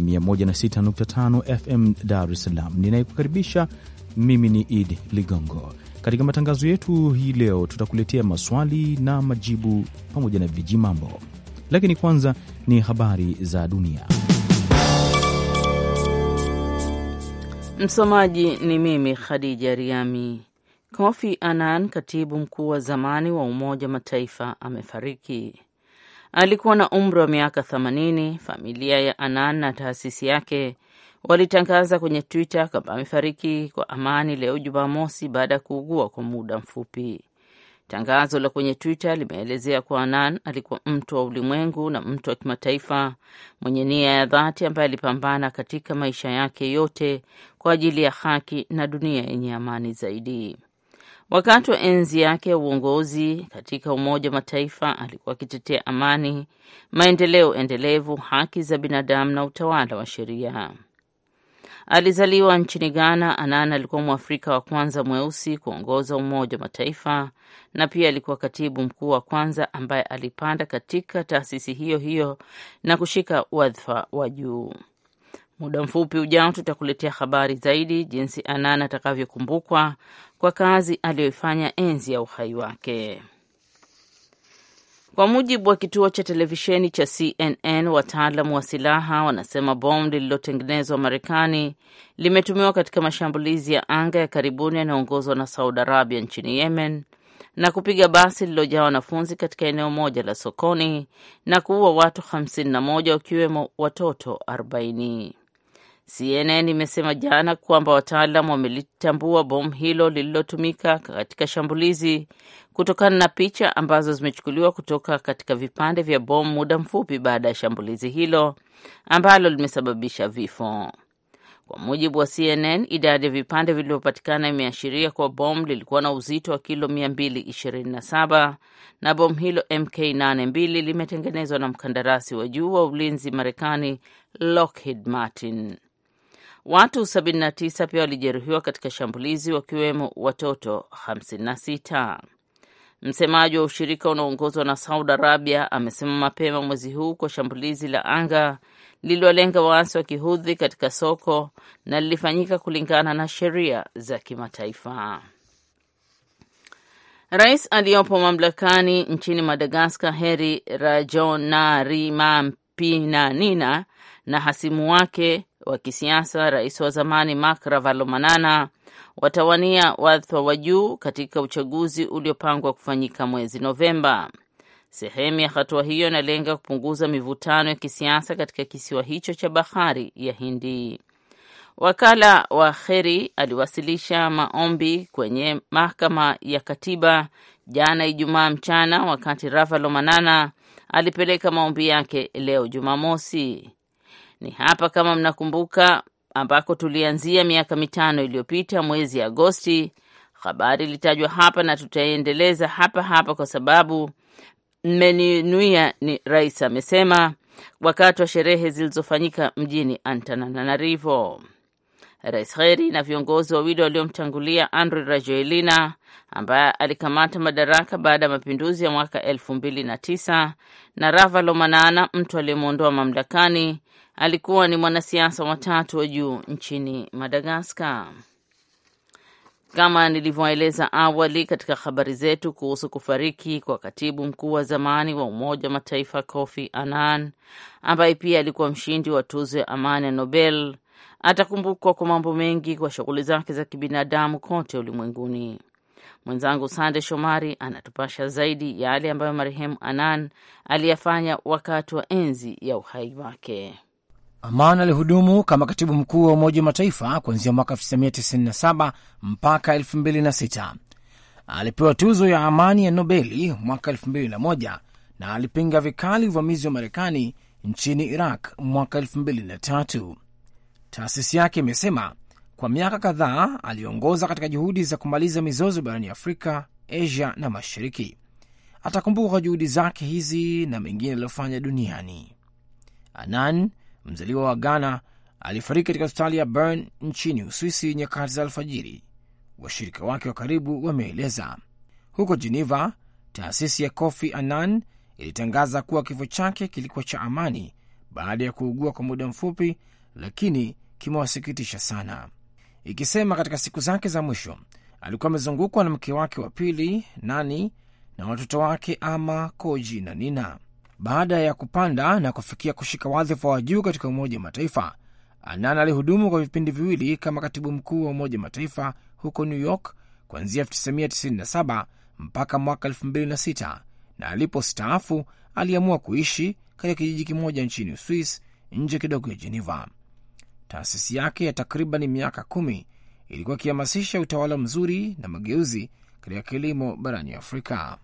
106.5 FM Dar es Salaam. Ninayekukaribisha mimi ni Idi Ligongo. Katika matangazo yetu hii leo, tutakuletea maswali na majibu pamoja na viji mambo, lakini kwanza ni habari za dunia. Msomaji ni mimi Khadija Riami. Kofi Annan, katibu mkuu wa zamani wa Umoja Mataifa, amefariki alikuwa na umri wa miaka 80. Familia ya Anan na taasisi yake walitangaza kwenye Twitter kwamba amefariki kwa amani leo Jumamosi baada ya kuugua kwa muda mfupi. Tangazo la kwenye Twitter limeelezea kuwa Anan alikuwa mtu wa ulimwengu na mtu wa kimataifa mwenye nia ya dhati ambaye alipambana katika maisha yake yote kwa ajili ya haki na dunia yenye amani zaidi. Wakati wa enzi yake ya uongozi katika Umoja wa Mataifa alikuwa akitetea amani, maendeleo endelevu, haki za binadamu na utawala wa sheria. Alizaliwa nchini Ghana. Anan alikuwa Mwafrika wa kwanza mweusi kuongoza Umoja wa Mataifa na pia alikuwa katibu mkuu wa kwanza ambaye alipanda katika taasisi hiyo hiyo na kushika wadhifa wa juu. Muda mfupi ujao tutakuletea habari zaidi jinsi anan atakavyokumbukwa kwa kazi aliyoifanya enzi ya uhai wake. Kwa mujibu wa kituo cha televisheni cha CNN, wataalamu wa silaha wanasema bomu lililotengenezwa Marekani limetumiwa katika mashambulizi ya anga ya karibuni yanayoongozwa na Saudi Arabia nchini Yemen na kupiga basi lililojaa wanafunzi katika eneo moja la sokoni na kuua watu 51 wakiwemo watoto 40. CNN imesema jana kwamba wataalam wamelitambua bomu hilo lililotumika katika shambulizi kutokana na picha ambazo zimechukuliwa kutoka katika vipande vya bomu muda mfupi baada ya shambulizi hilo ambalo limesababisha vifo. Kwa mujibu wa CNN, idadi ya vipande vilivyopatikana imeashiria kuwa bomu lilikuwa na uzito wa kilo 227 na bomu hilo MK82 limetengenezwa na mkandarasi wa juu wa ulinzi Marekani Lockheed Martin. Watu 79 pia walijeruhiwa katika shambulizi wakiwemo watoto 56. Msemaji wa ushirika unaoongozwa na Saudi Arabia amesema mapema mwezi huu kwa shambulizi la anga lililolenga waasi wa kihudhi katika soko na lilifanyika kulingana na sheria za kimataifa. Rais aliyopo mamlakani nchini Madagaskar Heri Rajonarimampinanina, na hasimu wake wa kisiasa, rais wa zamani Marc Ravalomanana watawania wadhifa wa juu katika uchaguzi uliopangwa kufanyika mwezi Novemba. Sehemu ya hatua hiyo inalenga kupunguza mivutano ya kisiasa katika kisiwa hicho cha bahari ya Hindi. Wakala wa Kheri aliwasilisha maombi kwenye mahakama ya katiba jana Ijumaa mchana, wakati Ravalomanana alipeleka maombi yake leo Jumamosi. Ni hapa kama mnakumbuka, ambako tulianzia miaka mitano iliyopita mwezi Agosti. Habari ilitajwa hapa na tutaiendeleza hapa hapa kwa sababu mmeninuia, ni rais amesema wakati wa sherehe zilizofanyika mjini Antananarivo. Rais Heri na viongozi wawili waliomtangulia Andry Rajoelina ambaye alikamata madaraka baada ya mapinduzi ya mwaka elfu mbili na tisa na Ravalomanana, Lomanana, mtu aliyemwondoa mamlakani, Alikuwa ni mwanasiasa wa tatu wa juu nchini Madagaskar. Kama nilivyoeleza awali katika habari zetu kuhusu kufariki kwa katibu mkuu wa zamani wa Umoja wa Mataifa Kofi Annan, ambaye pia alikuwa mshindi wa tuzo ya amani ya Nobel, atakumbukwa kwa mambo mengi kwa shughuli zake za kibinadamu kote ulimwenguni. Mwenzangu Sande Shomari anatupasha zaidi yale ambayo marehemu Anan aliyafanya wakati wa enzi ya uhai wake. Aman alihudumu kama katibu mkuu wa Umoja wa Mataifa kuanzia mwaka 1997 mpaka 2006. Alipewa tuzo ya amani ya Nobeli mwaka 2001 na alipinga vikali uvamizi wa Marekani nchini Iraq mwaka 2003. Taasisi yake imesema kwa miaka kadhaa aliongoza katika juhudi za kumaliza mizozo barani Afrika, Asia na Mashariki. Atakumbuka kwa juhudi zake hizi na mengine aliyofanya duniani. Anan mzaliwa wa Ghana, alifariki katika hospitali ya Bern nchini Uswisi nyakati za alfajiri, washirika wake wa karibu wameeleza. Huko Geneva, taasisi ya Kofi Annan ilitangaza kuwa kifo chake kilikuwa cha amani baada ya kuugua kwa muda mfupi, lakini kimewasikitisha sana, ikisema katika siku zake za mwisho alikuwa amezungukwa na mke wake wa pili Nani na watoto wake Ama, Koji na Nina. Baada ya kupanda na kufikia kushika wadhifa wa juu katika Umoja wa Mataifa, Anan alihudumu kwa vipindi viwili kama katibu mkuu wa Umoja wa Mataifa huko New York kuanzia 1997 mpaka mwaka 2006, na alipostaafu aliamua kuishi katika kijiji kimoja nchini Uswis, nje kidogo ya jeneva Taasisi yake ya takriban miaka kumi ilikuwa ikihamasisha utawala mzuri na mageuzi katika kilimo barani Afrika.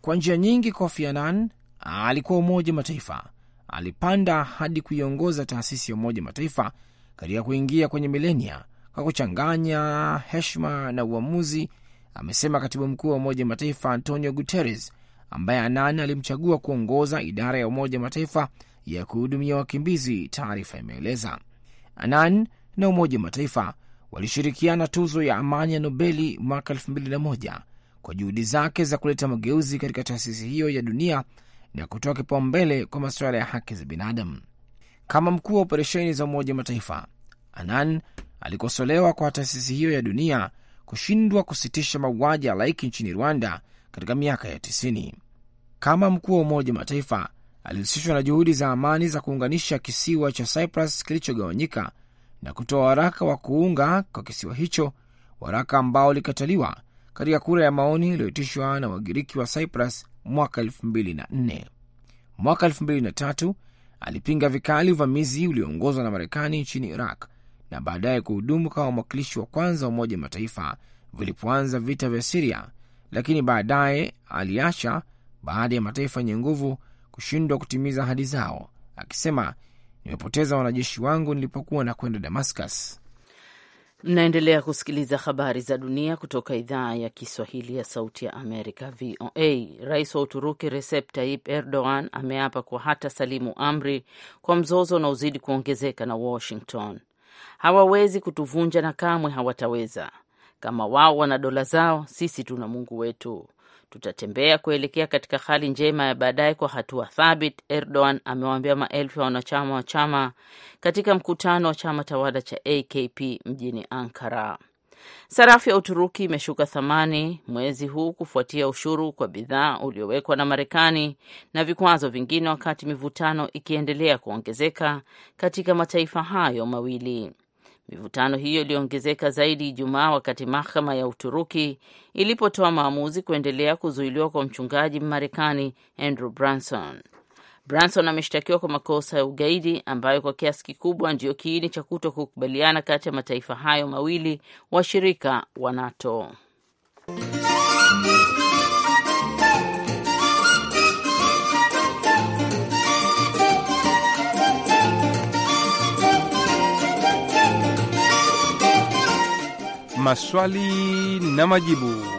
Kwa njia nyingi, Kofi Annan alikuwa Umoja Mataifa, alipanda hadi kuiongoza taasisi ya Umoja Mataifa katika kuingia kwenye milenia kwa kuchanganya heshima na uamuzi, amesema katibu mkuu wa Umoja Mataifa Antonio Guterres, ambaye anan alimchagua kuongoza idara ya Umoja Mataifa ya kuhudumia wakimbizi. Taarifa imeeleza Anan na Umoja Mataifa walishirikiana tuzo ya amani ya Nobeli mwaka 2001 kwa juhudi zake za kuleta mageuzi katika taasisi hiyo ya dunia na kutoa kipaumbele kwa masuala ya haki za binadamu. Kama mkuu wa operesheni za Umoja wa Mataifa, Anan alikosolewa kwa taasisi hiyo ya dunia kushindwa kusitisha mauaji ya laiki nchini Rwanda katika miaka ya tisini. Kama mkuu wa Umoja wa Mataifa, alihusishwa na juhudi za amani za kuunganisha kisiwa cha Cyprus kilichogawanyika na kutoa waraka wa kuunga kwa kisiwa hicho, waraka ambao ulikataliwa katika kura ya maoni iliyoitishwa na Wagiriki wa Cyprus mwaka 2004. Mwaka 2003 alipinga vikali uvamizi ulioongozwa na Marekani nchini Iraq na baadaye kuhudumu kama mwakilishi wa kwanza wa Umoja Mataifa vilipoanza vita vya Siria, lakini baadaye aliacha baada ya mataifa yenye nguvu kushindwa kutimiza ahadi zao, akisema nimepoteza wanajeshi wangu nilipokuwa na kwenda Damascus. Mnaendelea kusikiliza habari za dunia kutoka idhaa ya Kiswahili ya Sauti ya Amerika, VOA. Rais wa Uturuki Recep Tayyip Erdogan ameapa kwa hata salimu amri kwa mzozo unaozidi kuongezeka na Washington. Hawawezi kutuvunja na kamwe hawataweza. Kama wao wana dola zao, sisi tuna Mungu wetu tutatembea kuelekea katika hali njema ya baadaye kwa hatua thabit, Erdogan amewaambia maelfu ya wanachama wa chama katika mkutano wa chama tawala cha AKP mjini Ankara. Sarafu ya Uturuki imeshuka thamani mwezi huu kufuatia ushuru kwa bidhaa uliowekwa na Marekani na vikwazo vingine, wakati mivutano ikiendelea kuongezeka katika mataifa hayo mawili. Mivutano hiyo iliongezeka zaidi Ijumaa wakati mahakama ya Uturuki ilipotoa maamuzi kuendelea kuzuiliwa kwa mchungaji Mmarekani Andrew Branson. Branson ameshtakiwa kwa makosa ya ugaidi ambayo kwa kiasi kikubwa ndiyo kiini cha kuto kukubaliana kati ya mataifa hayo mawili washirika wa NATO. maswali na majibu.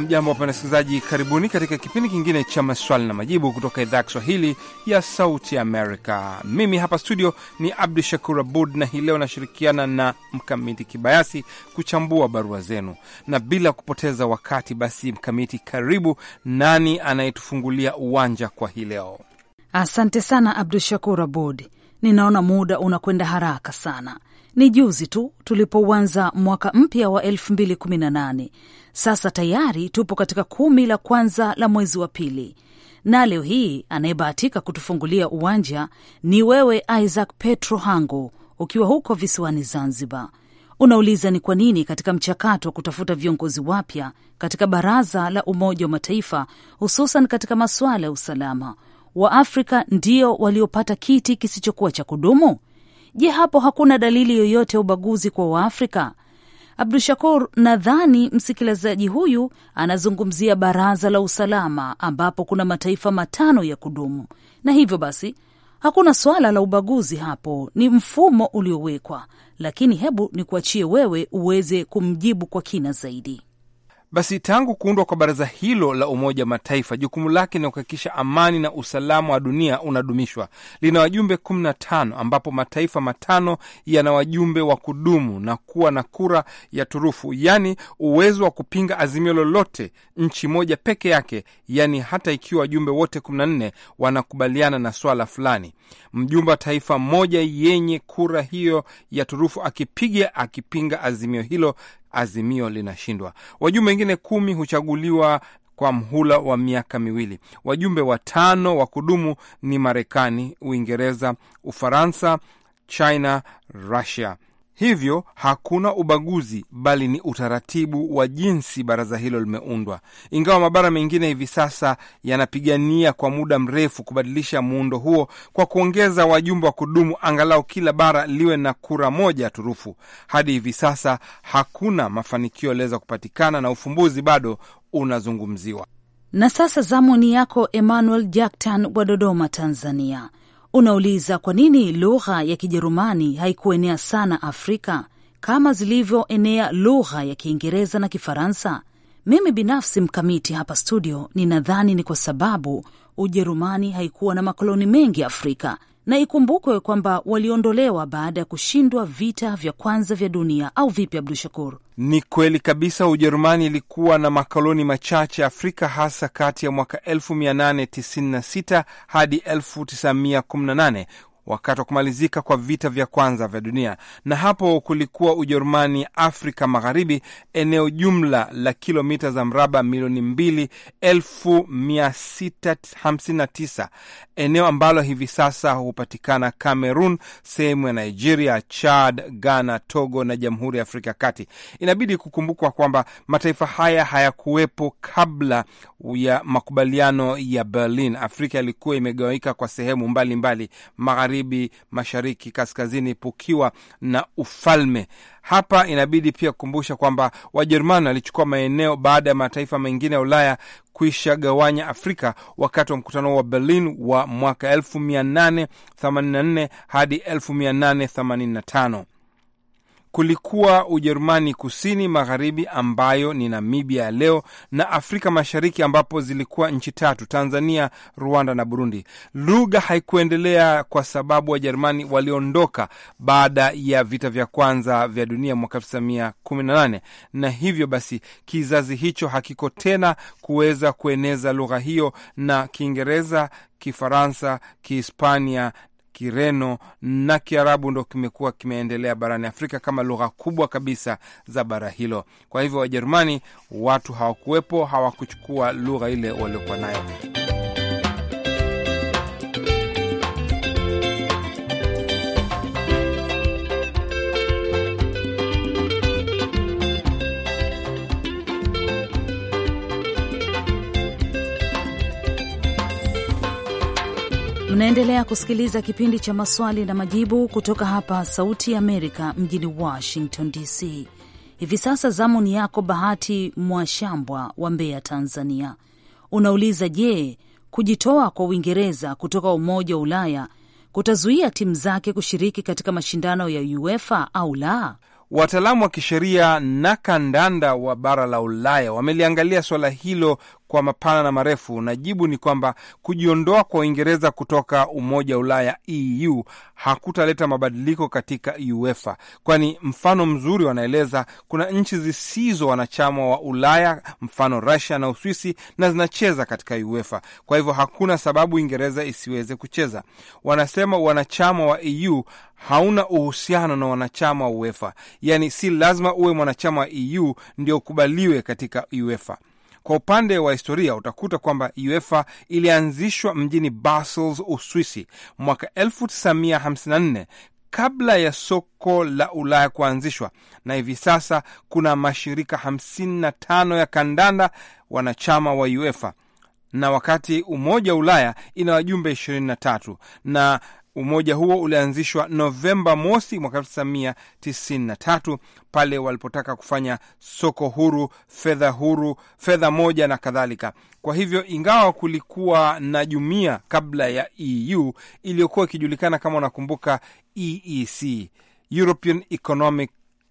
Hamjambo, wapenda wasikilizaji, karibuni katika kipindi kingine cha maswali na majibu kutoka idhaa ya Kiswahili ya Sauti Amerika. Mimi hapa studio ni Abdu Shakur Abud, na hii leo nashirikiana na Mkamiti Kibayasi kuchambua barua zenu, na bila kupoteza wakati, basi Mkamiti, karibu. Nani anayetufungulia uwanja kwa hii leo? Asante sana Abdu Shakur Abud, ninaona muda unakwenda haraka sana. Ni juzi tu tulipouanza mwaka mpya wa elfu mbili kumi na nane sasa tayari tupo katika kumi la kwanza la mwezi wa pili, na leo hii anayebahatika kutufungulia uwanja ni wewe Isaac Petro Hango, ukiwa huko visiwani Zanzibar. Unauliza ni kwa nini katika mchakato wa kutafuta viongozi wapya katika Baraza la Umoja wa Mataifa, hususan katika masuala ya usalama, Waafrika ndio waliopata kiti kisichokuwa cha kudumu? Je, hapo hakuna dalili yoyote ya ubaguzi kwa Waafrika? Abdu Shakur, nadhani msikilizaji huyu anazungumzia Baraza la Usalama ambapo kuna mataifa matano ya kudumu, na hivyo basi hakuna swala la ubaguzi hapo, ni mfumo uliowekwa. Lakini hebu nikuachie wewe uweze kumjibu kwa kina zaidi. Basi tangu kuundwa kwa baraza hilo la Umoja wa Mataifa, jukumu lake ni kuhakikisha amani na usalama wa dunia unadumishwa. Lina wajumbe 15 ambapo mataifa matano yana wajumbe wa kudumu na kuwa na kura ya turufu, yaani uwezo wa kupinga azimio lolote nchi moja peke yake, yaani hata ikiwa wajumbe wote 14 wanakubaliana na swala fulani, mjumbe wa taifa moja yenye kura hiyo ya turufu akipiga akipinga azimio hilo azimio linashindwa. Wajumbe wengine kumi huchaguliwa kwa mhula wa miaka miwili. Wajumbe watano wa kudumu ni Marekani, Uingereza, Ufaransa, China, Rusia. Hivyo hakuna ubaguzi, bali ni utaratibu wa jinsi baraza hilo limeundwa. Ingawa mabara mengine hivi sasa yanapigania kwa muda mrefu kubadilisha muundo huo kwa kuongeza wajumbe wa kudumu, angalau kila bara liwe na kura moja turufu, hadi hivi sasa hakuna mafanikio yaliweza kupatikana na ufumbuzi bado unazungumziwa. Na sasa zamu ni yako Emmanuel Jacktan wa Dodoma, Tanzania. Unauliza kwa nini lugha ya Kijerumani haikuenea sana Afrika kama zilivyoenea lugha ya Kiingereza na Kifaransa. Mimi binafsi mkamiti hapa studio, ninadhani ni kwa sababu Ujerumani haikuwa na makoloni mengi Afrika, na ikumbukwe kwamba waliondolewa baada ya kushindwa vita vya kwanza vya dunia, au vipi, Abdu Shakur? Ni kweli kabisa. Ujerumani ilikuwa na makoloni machache Afrika, hasa kati ya mwaka 1896 hadi 1918 wakati wa kumalizika kwa vita vya kwanza vya dunia, na hapo kulikuwa Ujerumani Afrika Magharibi, eneo jumla la kilomita za mraba milioni tisa eneo ambalo hivi sasa hupatikana Cameroon, sehemu ya Nigeria, Chad, Ghana, Togo na Jamhuri ya Afrika Kati. Inabidi kukumbukwa kwamba mataifa haya hayakuwepo kabla ya makubaliano ya Berlin. Afrika ilikuwa imegawika kwa sehemu mbalimbali mbali, magharibi, mashariki, kaskazini, pukiwa na ufalme. Hapa inabidi pia kukumbusha kwamba Wajerumani walichukua maeneo baada ya mataifa mengine ya Ulaya kuisha gawanya Afrika wakati wa mkutano wa Berlin wa mwaka 1884 hadi 1885 kulikuwa Ujerumani kusini magharibi ambayo ni Namibia ya leo na Afrika Mashariki ambapo zilikuwa nchi tatu, Tanzania, Rwanda na Burundi. Lugha haikuendelea kwa sababu Wajerumani waliondoka baada ya vita vya kwanza vya dunia mwaka 1918 na hivyo basi kizazi hicho hakiko tena kuweza kueneza lugha hiyo, na Kiingereza, Kifaransa, Kihispania Kireno na Kiarabu ndo kimekuwa kimeendelea barani Afrika kama lugha kubwa kabisa za bara hilo. Kwa hivyo Wajerumani watu hawakuwepo, hawakuchukua lugha ile waliokuwa nayo. Unaendelea kusikiliza kipindi cha maswali na majibu kutoka hapa Sauti ya Amerika mjini Washington DC. Hivi sasa zamu ni yako Bahati Mwashambwa wa Mbeya, Tanzania. Unauliza, je, kujitoa kwa Uingereza kutoka Umoja wa Ulaya kutazuia timu zake kushiriki katika mashindano ya UEFA au la? Wataalamu wa kisheria na kandanda wa bara la Ulaya wameliangalia suala hilo kwa mapana na marefu, na jibu ni kwamba kujiondoa kwa Uingereza kutoka Umoja wa Ulaya EU hakutaleta mabadiliko katika UEFA, kwani mfano mzuri wanaeleza, kuna nchi zisizo wanachama wa Ulaya, mfano Russia na Uswisi, na zinacheza katika UEFA. Kwa hivyo hakuna sababu Uingereza isiweze kucheza. Wanasema wanachama wa EU hauna uhusiano na wanachama wa UEFA, yaani si lazima uwe mwanachama wa EU ndio ukubaliwe katika UEFA. Kwa upande wa historia utakuta kwamba UEFA ilianzishwa mjini Basel, Uswisi mwaka 1954 kabla ya soko la Ulaya kuanzishwa, na hivi sasa kuna mashirika 55 ya kandanda wanachama wa UEFA na wakati Umoja wa Ulaya ina wajumbe 23 na Umoja huo ulianzishwa Novemba mosi mwaka 1993 pale walipotaka kufanya soko huru, fedha huru, fedha moja na kadhalika. Kwa hivyo, ingawa kulikuwa na jumuiya kabla ya EU iliyokuwa ikijulikana kama, unakumbuka, EEC, European Economic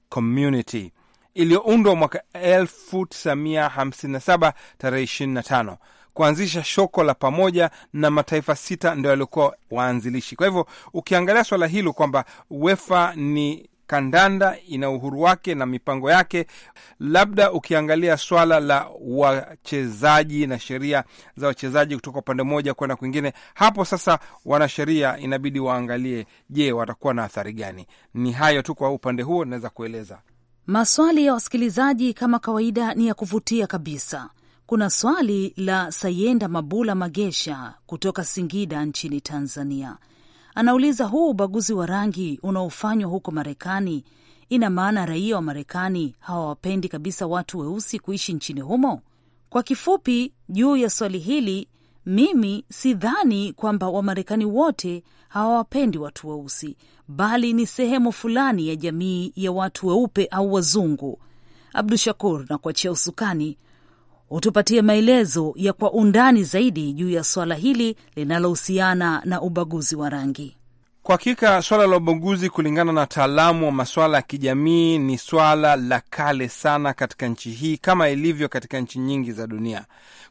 Community, iliyoundwa mwaka 1957 tarehe 25 kuanzisha shoko la pamoja, na mataifa sita ndio yaliokuwa waanzilishi. Kwa hivyo ukiangalia swala hilo kwamba UEFA ni kandanda ina uhuru wake na mipango yake. Labda ukiangalia swala la wachezaji na sheria za wachezaji kutoka upande mmoja kwenda kwingine, hapo sasa wanasheria inabidi waangalie, je, watakuwa na athari gani? Ni hayo tu kwa upande huo naweza kueleza. Maswali ya wasikilizaji kama kawaida ni ya kuvutia kabisa kuna swali la Sayenda Mabula Magesha kutoka Singida nchini Tanzania. Anauliza, huu ubaguzi wa rangi unaofanywa huko Marekani, ina maana raia wa Marekani hawawapendi kabisa watu weusi kuishi nchini humo? Kwa kifupi juu ya swali hili, mimi sidhani kwamba Wamarekani wote hawawapendi watu weusi, bali ni sehemu fulani ya jamii ya watu weupe au wazungu. Abdu Shakur, na kuachia usukani utupatie maelezo ya kwa undani zaidi juu ya swala hili linalohusiana na ubaguzi wa rangi. Kwa hakika swala la ubaguzi, kulingana na wataalamu wa masuala ya kijamii, ni swala la kale sana katika nchi hii kama ilivyo katika nchi nyingi za dunia.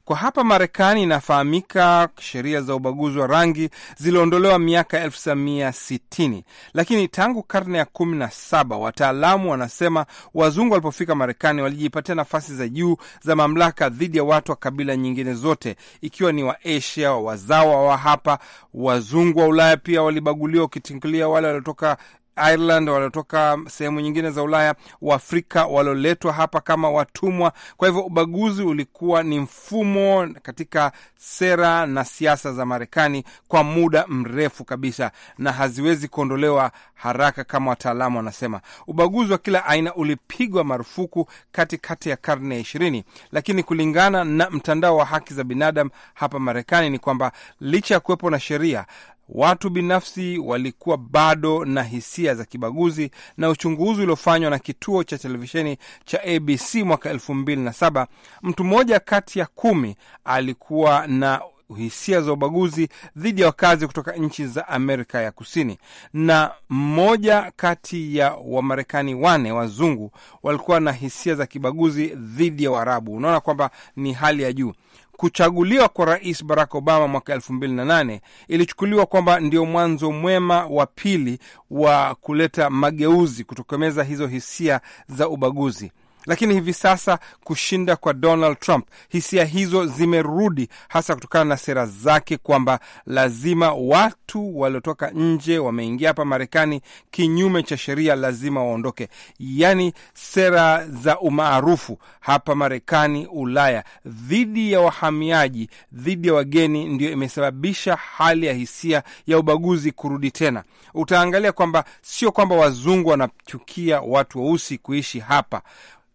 Kwa hapa Marekani inafahamika, sheria za ubaguzi wa rangi ziliondolewa miaka 1960 lakini tangu karne ya 17 wataalamu wanasema wazungu walipofika Marekani walijipatia nafasi za juu za mamlaka dhidi ya watu wa kabila nyingine zote, ikiwa ni Waasia, wazawa wa hapa, wazungu wa Ulaya pia walibaguliwa, ukitingilia wale waliotoka Ireland, waliotoka sehemu nyingine za Ulaya, Waafrika walioletwa hapa kama watumwa. Kwa hivyo ubaguzi ulikuwa ni mfumo katika sera na siasa za Marekani kwa muda mrefu kabisa, na haziwezi kuondolewa haraka kama wataalamu wanasema. Ubaguzi wa kila aina ulipigwa marufuku katikati ya karne ya ishirini, lakini kulingana na mtandao wa haki za binadamu hapa Marekani ni kwamba licha ya kuwepo na sheria watu binafsi walikuwa bado na hisia za kibaguzi, na uchunguzi uliofanywa na kituo cha televisheni cha ABC mwaka elfu mbili na saba mtu mmoja kati ya kumi alikuwa na hisia za ubaguzi dhidi ya wakazi kutoka nchi za Amerika ya Kusini, na mmoja kati ya Wamarekani wane wazungu walikuwa na hisia za kibaguzi dhidi ya Waarabu. Unaona kwamba ni hali ya juu kuchaguliwa kwa Rais Barack Obama mwaka elfu mbili na nane ilichukuliwa kwamba ndio mwanzo mwema wa pili wa kuleta mageuzi kutokomeza hizo hisia za ubaguzi. Lakini hivi sasa kushinda kwa Donald Trump, hisia hizo zimerudi, hasa kutokana na sera zake kwamba lazima watu waliotoka nje wameingia hapa Marekani kinyume cha sheria lazima waondoke, yaani sera za umaarufu hapa Marekani, Ulaya, dhidi ya wahamiaji, dhidi ya wageni, ndio imesababisha hali ya hisia ya ubaguzi kurudi tena. Utaangalia kwamba sio kwamba wazungu wanachukia watu weusi kuishi hapa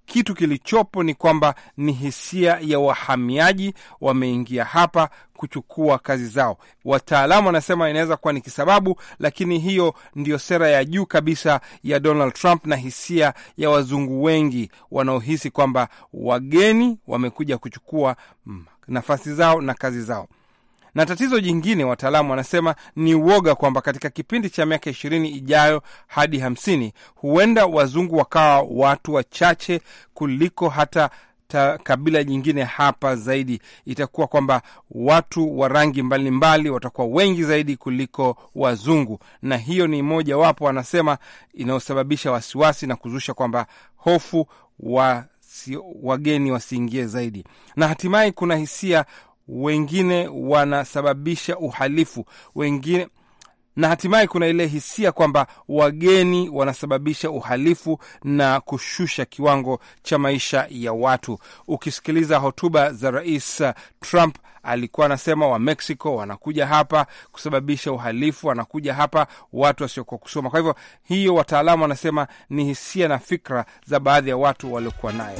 kitu kilichopo ni kwamba ni hisia ya wahamiaji wameingia hapa kuchukua kazi zao. Wataalamu wanasema inaweza kuwa ni kisababu, lakini hiyo ndiyo sera ya juu kabisa ya Donald Trump na hisia ya wazungu wengi wanaohisi kwamba wageni wamekuja kuchukua nafasi zao na kazi zao. Na tatizo jingine, wataalamu wanasema ni uoga kwamba katika kipindi cha miaka ishirini ijayo hadi hamsini huenda wazungu wakawa watu wachache kuliko hata kabila jingine hapa zaidi. Itakuwa kwamba watu wa rangi mbalimbali watakuwa wengi zaidi kuliko wazungu, na hiyo ni moja wapo wanasema inayosababisha wasiwasi na kuzusha kwamba hofu wa si, wageni wasiingie zaidi, na hatimaye kuna hisia wengine wanasababisha uhalifu wengine, na hatimaye kuna ile hisia kwamba wageni wanasababisha uhalifu na kushusha kiwango cha maisha ya watu. Ukisikiliza hotuba za Rais Trump alikuwa anasema wa Mexico wanakuja hapa kusababisha uhalifu, wanakuja hapa watu wasiokuwa kusoma. Kwa hivyo hiyo, wataalamu wanasema ni hisia na fikra za baadhi ya watu waliokuwa nayo.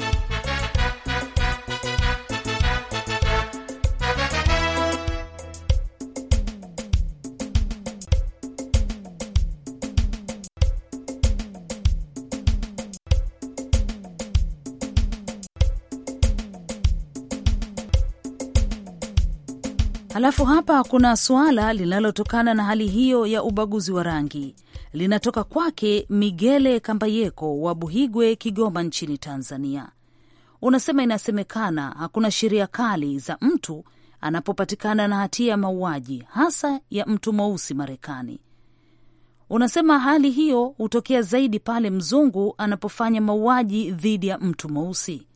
alafu hapa kuna suala linalotokana na hali hiyo ya ubaguzi wa rangi, linatoka kwake Migele Kambayeko wa Buhigwe, Kigoma nchini Tanzania. Unasema inasemekana hakuna sheria kali za mtu anapopatikana na hatia ya mauaji hasa ya mtu mweusi Marekani. Unasema hali hiyo hutokea zaidi pale mzungu anapofanya mauaji dhidi ya mtu mweusi.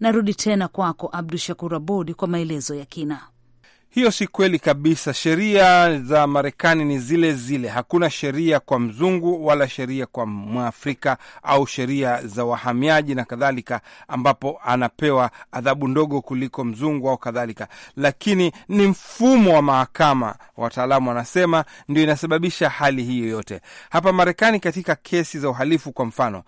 Narudi tena kwako Abdu Shakur Abud kwa maelezo ya kina. Hiyo si kweli kabisa. Sheria za Marekani ni zile zile, hakuna sheria kwa mzungu wala sheria kwa Mwafrika au sheria za wahamiaji na kadhalika, ambapo anapewa adhabu ndogo kuliko mzungu au kadhalika, lakini ni mfumo wa mahakama, wataalamu wanasema, ndio inasababisha hali hii yoyote hapa Marekani. Katika kesi za uhalifu, kwa mfano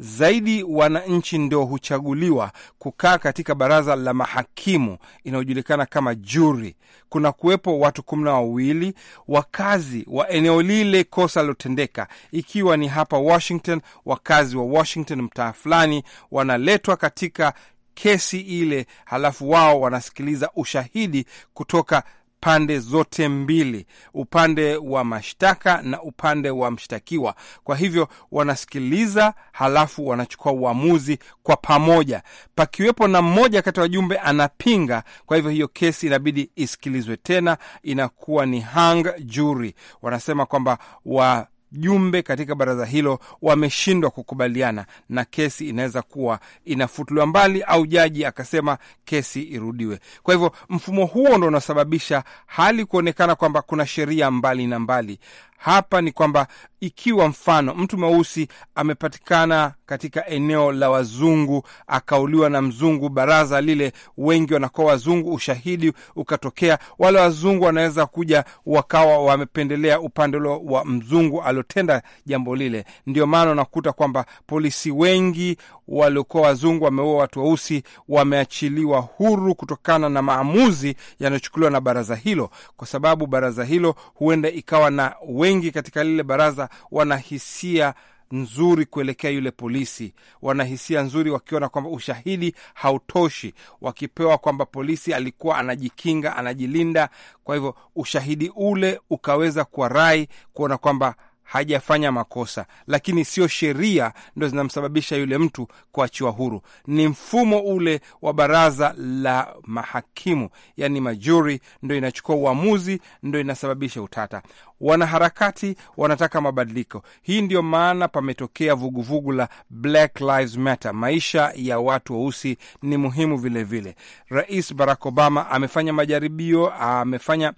zaidi wananchi ndio huchaguliwa kukaa katika baraza la mahakimu inayojulikana kama juri. Kuna kuwepo watu kumi na wawili wakazi wa eneo lile kosa lilotendeka, ikiwa ni hapa Washington, wakazi wa Washington mtaa fulani wanaletwa katika kesi ile, halafu wao wanasikiliza ushahidi kutoka pande zote mbili, upande wa mashtaka na upande wa mshtakiwa. Kwa hivyo wanasikiliza, halafu wanachukua uamuzi kwa pamoja, pakiwepo na mmoja kati ya wajumbe anapinga. Kwa hivyo hiyo kesi inabidi isikilizwe tena, inakuwa ni hang jury. Wanasema kwamba wa wajumbe katika baraza hilo wameshindwa kukubaliana, na kesi inaweza kuwa inafutuliwa mbali au jaji akasema kesi irudiwe. Kwa hivyo mfumo huo ndo unasababisha hali kuonekana kwamba kuna sheria mbali na mbali hapa ni kwamba ikiwa mfano mtu mweusi amepatikana katika eneo la wazungu akauliwa na mzungu, baraza lile, wengi wanakuwa wazungu, ushahidi ukatokea, wale wazungu wanaweza kuja wakawa wamependelea upande wa mzungu aliotenda jambo lile. Ndio maana unakuta kwamba polisi wengi waliokuwa wazungu wameua watu weusi wameachiliwa huru kutokana na maamuzi yanayochukuliwa na baraza hilo, kwa sababu baraza hilo huenda ikawa na wengi katika lile baraza wanahisia nzuri kuelekea yule polisi, wanahisia nzuri wakiona kwamba ushahidi hautoshi, wakipewa kwamba polisi alikuwa anajikinga, anajilinda. Kwa hivyo ushahidi ule ukaweza kuwa rai kuona kwamba hajafanya makosa, lakini sio sheria ndo zinamsababisha yule mtu kuachiwa huru. Ni mfumo ule wa baraza la mahakimu, yani majuri, ndo inachukua uamuzi, ndo inasababisha utata. Wanaharakati wanataka mabadiliko. Hii ndio maana pametokea vuguvugu la Black Lives Matter. Maisha ya watu weusi ni muhimu vilevile vile. Rais Barack Obama amefanya majaribio, amefanya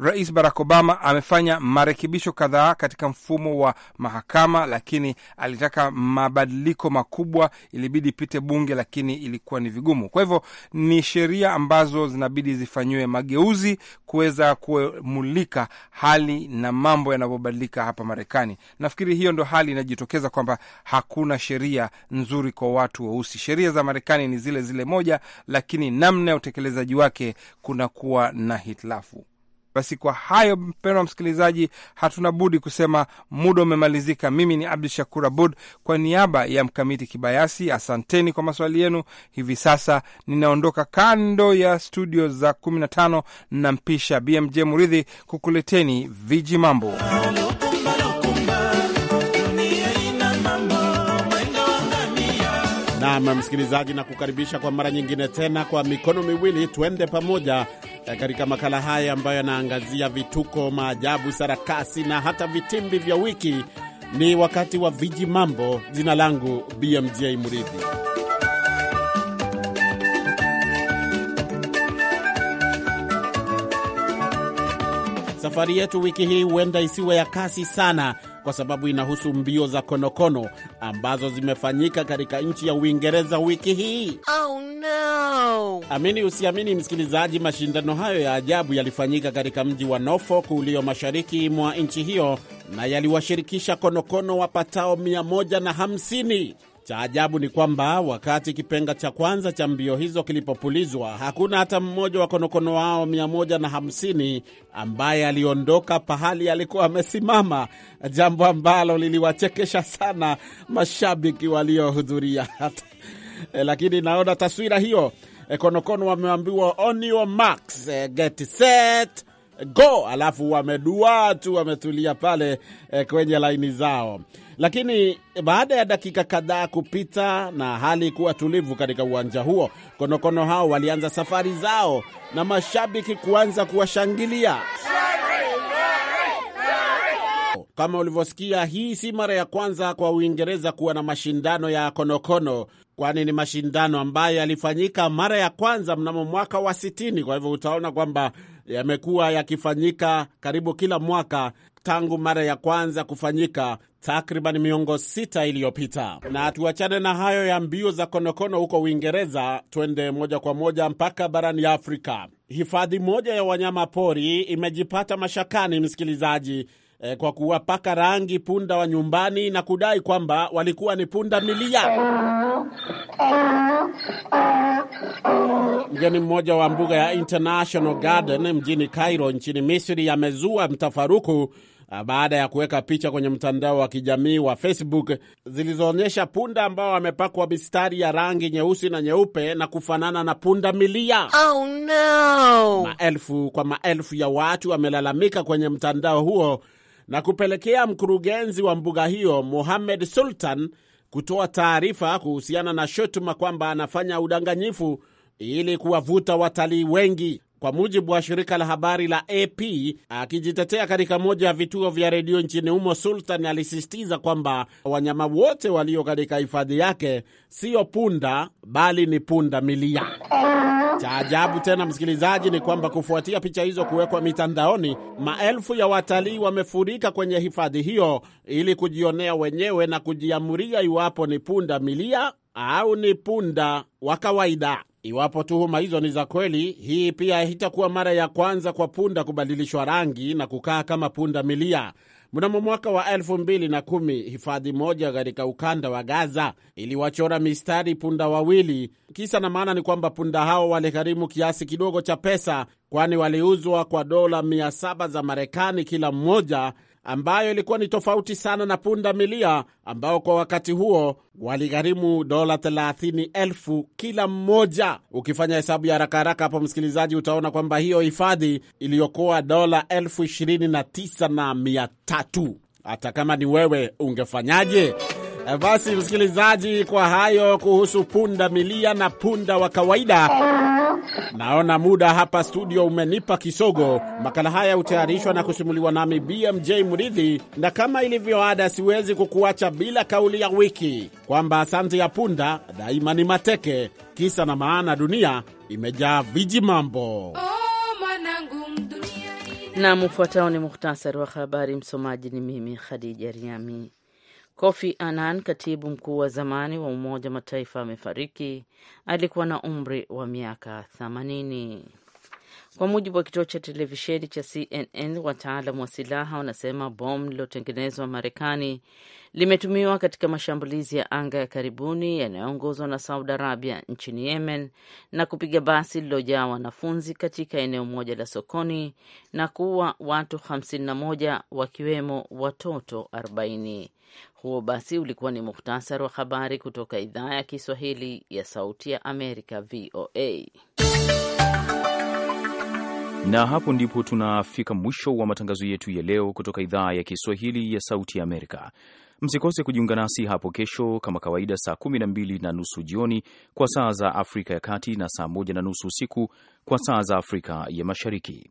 Rais Barack Obama amefanya marekebisho kadhaa katika mfumo wa mahakama, lakini alitaka mabadiliko makubwa. Ilibidi ipite bunge, lakini ilikuwa ni vigumu. Kwa hivyo ni sheria ambazo zinabidi zifanyiwe mageuzi kuweza kumulika hali na mambo yanavyobadilika hapa Marekani. Nafikiri hiyo ndo hali inajitokeza kwamba hakuna sheria nzuri kwa watu weusi. Sheria za Marekani ni zile zile moja, lakini namna ya utekelezaji wake kunakuwa na hitilafu. Basi kwa hayo, mpendwa msikilizaji, hatuna budi kusema muda umemalizika. Mimi ni Abdu Shakur Abud kwa niaba ya Mkamiti Kibayasi, asanteni kwa maswali yenu. Hivi sasa ninaondoka kando ya studio za 15 na mpisha BMJ Muridhi kukuleteni viji mambo Nam msikilizaji, na kukaribisha kwa mara nyingine tena kwa mikono miwili, tuende pamoja eh, katika makala haya ambayo yanaangazia vituko, maajabu, sarakasi na hata vitimbi vya wiki. Ni wakati wa viji mambo. Jina langu BMJ Mridhi. Safari yetu wiki hii huenda isiwe ya kasi sana, kwa sababu inahusu mbio za konokono ambazo zimefanyika katika nchi ya Uingereza wiki hii. Oh, no. Amini usiamini, msikilizaji, mashindano hayo ya ajabu yalifanyika katika mji wa Norfolk ulio mashariki mwa nchi hiyo na yaliwashirikisha konokono wapatao 150. Cha ajabu ni kwamba wakati kipenga cha kwanza cha mbio hizo kilipopulizwa, hakuna hata mmoja wa konokono wao 150 ambaye aliondoka pahali alikuwa amesimama, jambo ambalo liliwachekesha sana mashabiki waliohudhuria. Lakini naona taswira hiyo eh, konokono wameambiwa on your marks, eh, get set go, alafu wamedua tu, wametulia pale eh, kwenye laini zao. Lakini baada ya dakika kadhaa kupita na hali kuwa tulivu katika uwanja huo, konokono hao walianza safari zao na mashabiki kuanza kuwashangilia. Kama ulivyosikia, hii si mara ya kwanza kwa Uingereza kuwa na mashindano ya konokono, kwani ni mashindano ambayo yalifanyika mara ya kwanza mnamo mwaka wa 60 Kwa hivyo utaona kwamba yamekuwa yakifanyika karibu kila mwaka tangu mara ya kwanza kufanyika takriban miongo sita iliyopita. Na tuachane na hayo ya mbio za konokono huko Uingereza, twende moja kwa moja mpaka barani Afrika. Hifadhi moja ya wanyama pori imejipata mashakani, msikilizaji, eh, kwa kuwapaka rangi punda wa nyumbani na kudai kwamba walikuwa ni punda milia. Mgeni mmoja wa mbuga ya International Garden mjini Cairo nchini Misri amezua mtafaruku Ah, baada ya kuweka picha kwenye mtandao wa kijamii wa Facebook zilizoonyesha punda ambao wamepakwa mistari ya rangi nyeusi na nyeupe na kufanana na punda milia. Oh, no. Maelfu kwa maelfu ya watu wamelalamika kwenye mtandao huo na kupelekea mkurugenzi wa mbuga hiyo Mohamed Sultan kutoa taarifa kuhusiana na shutuma kwamba anafanya udanganyifu ili kuwavuta watalii wengi kwa mujibu wa shirika la habari la AP. Akijitetea katika moja ya vituo vya redio nchini humo, Sultan alisisitiza kwamba wanyama wote walio katika hifadhi yake siyo punda, bali ni punda milia. Cha ajabu tena, msikilizaji, ni kwamba kufuatia picha hizo kuwekwa mitandaoni, maelfu ya watalii wamefurika kwenye hifadhi hiyo ili kujionea wenyewe na kujiamuria iwapo ni punda milia au ni punda wa kawaida. Iwapo tuhuma hizo ni za kweli, hii pia itakuwa mara ya kwanza kwa punda kubadilishwa rangi na kukaa kama punda milia. Mnamo mwaka wa 2010 hifadhi moja katika ukanda wa Gaza iliwachora mistari punda wawili. Kisa na maana ni kwamba punda hao waligharimu kiasi kidogo cha pesa, kwani waliuzwa kwa dola 700 za Marekani kila mmoja, ambayo ilikuwa ni tofauti sana na punda milia ambao kwa wakati huo waligharimu dola thelathini kila mmoja. Ukifanya hesabu ya haraka haraka hapo, msikilizaji, utaona kwamba hiyo hifadhi iliyokuwa dola elfu na Hata kama ni wewe, ungefanyaje? Eh, basi msikilizaji, kwa hayo kuhusu punda milia na punda wa kawaida, naona muda hapa studio umenipa kisogo. Makala haya hutayarishwa na kusimuliwa nami BMJ mridhi na kama ilivyo ada, siwezi kukuacha bila kauli ya wiki kwamba asante ya punda daima ni mateke. Kisa na maana, dunia imejaa viji mambo. Oh, Nam, ufuatao ni muhtasari wa habari. Msomaji ni mimi Khadija Riami. Kofi Annan, katibu mkuu wa zamani wa Umoja wa Mataifa, amefariki. Alikuwa na umri wa miaka 80. Kwa mujibu wa kituo cha televisheni cha CNN, wataalam wa silaha wanasema bomu lililotengenezwa Marekani limetumiwa katika mashambulizi ya anga ya karibuni yanayoongozwa na Saudi Arabia nchini Yemen na kupiga basi lililojaa wanafunzi katika eneo moja la sokoni na kuua watu 51 wakiwemo watoto 40. Huo basi ulikuwa ni muhtasari wa habari kutoka idhaa ya Kiswahili ya Sauti ya Amerika, VOA. Na hapo ndipo tunafika mwisho wa matangazo yetu ya leo kutoka idhaa ya Kiswahili ya Sauti ya Amerika. Msikose kujiunga nasi hapo kesho kama kawaida, saa kumi na mbili na nusu jioni kwa saa za Afrika ya Kati na saa moja na nusu usiku kwa saa za Afrika ya Mashariki.